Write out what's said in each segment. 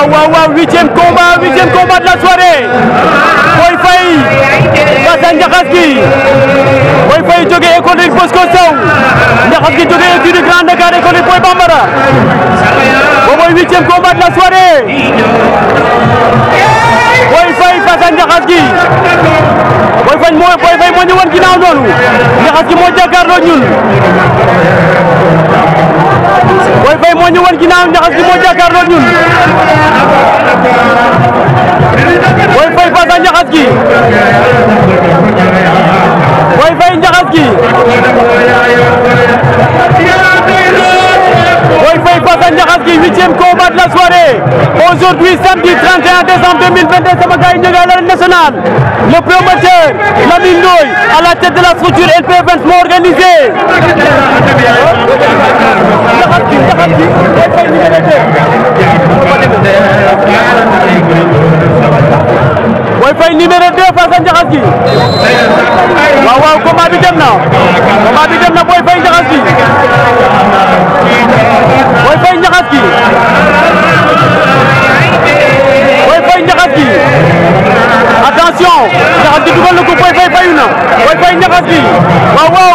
waaw waaw waaw huitième combat huitième combat de la soirée Boy Faye Fassane Njaxas gi Boy Faye jógee école de Bosco Sow Njaxas gi jógee école de Grand Dakar école de Boy Bambara boobu mooy huitième combat de la gi Boy noonu Njaxas gi moo jàkkaarloo ñun. moo ñu woon ginnaaw Niakhas gi moo jàkkaarloo ñun way fay fa à Niakhas gi Boy Faye Niakhas gi Boy Faye face à Niakhas gi huitième combat de la soirée aujourd'hui samedi 31 décembre 2022 sama gars ñëgal ñu nationale le promoteur Lamine Ndoy à la tête de la structure LP 20 moo organisé numéro 2 Falka Njaxas gi waaw waaw combat bi dem na combat bi dem na Boy Faye Njaxas gi Boy Faye Njaxas gi Boy Faye Njaxas gi attention Njaxas gi dugal na ko Boy Faye fayu na Boy Faye Njaxas gi waaw waaw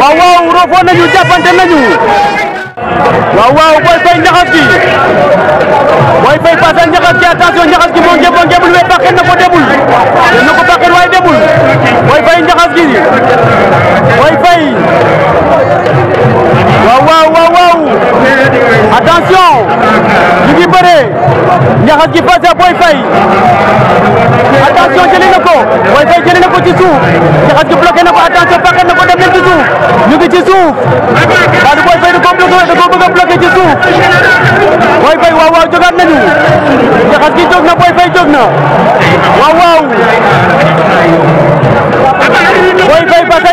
waaw waaw rofoon nañu jàppante nañu waaw waaw Boy Faye Njaxas gi Boy Faye paase waaw waaw waaw waaw attention ñu ngi bëre ko ci suuf Njaxas gi ci suuf ñu ko bloqué da ko bëgg a bloqué ci suuf Boy Faye waaw waaw na Boy Faye jóg na waaw waaw Boy Faye ba sa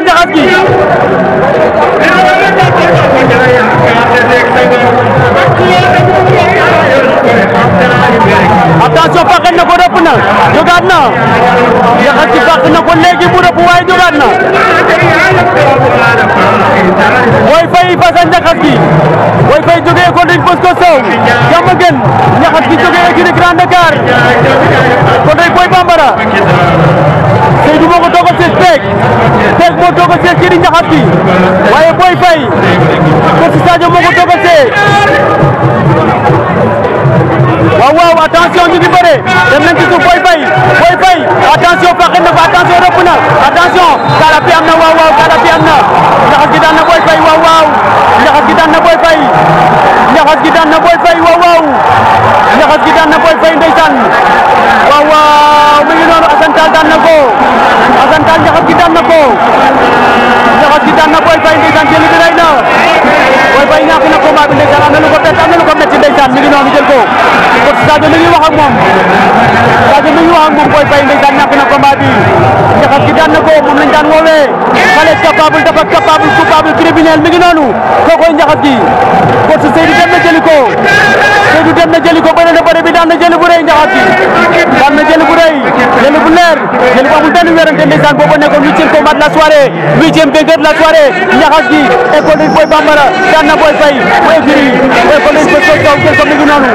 jaxas na ko rëpp na jógaat na jaxas gi na ko léegi mu rëpp waaye jógaat na Boy Faye Fassane Ndiakhate gi Boy Faye jógee école dañ pos ko sow jàmm gën Ndiakhate gi jógee écurie Grand Dakar kon day Boy Bambara Seydou moo ko moo toogal seen kii di Ndiakhate gi waaye Boy Faye ko si Sadio moo ko toogal see waaw waaw attention ñu ngi bëre dem nañ ci suuf Boy Faye Boy Faye na fa attention bi am na waaw waaw kala yi ndeysaan waaw waaw mi ngi noonu Assane Tall daan na ko Assane Tall Ndiakhate Gui daan na ko Ndiakhate Gui daan na Boy Faye ndeysaan jëli bi rey na Boy Faye ñàkk na combat bi ndeysaan am na lu ko bett am na lu ko metti ndeysaan mi ngi noonu jël ko kon Sadio mi ngi wax ak moom Sadio mi ngi wax ak moom Boy Faye ndeysaan ñàkk na combat bi daan na ko moom lañ daan woowee xale capable dafa capable coupable criminel mi ngi noonu kookooy njaxas gi kon su Seydou dem na jëli ko Seydou dem na jëli ko bëri na bëri bi daan na jëli bu rëy njaxas gi daan na jëli bu rëy jëli bu leer jëli bu amul benn wérante ndeysaan boobu nekkoon huitième combat de la soirée huitième vainqueur de la soirée njaxas gi école Boy Bambara daan na Boy Faye bu écurie école Boy Sow Sow jël ko mi ngi noonu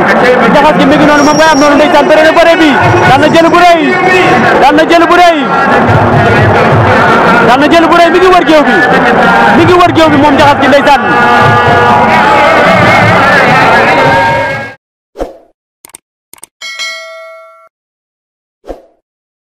njaxas gi mi ngi noonu moom ngay am noonu ndeysaan bëri na bëri bi daan na jëli bu rëy géew bi mi ngi wër géew bi moom Njaxas gi ndeysaan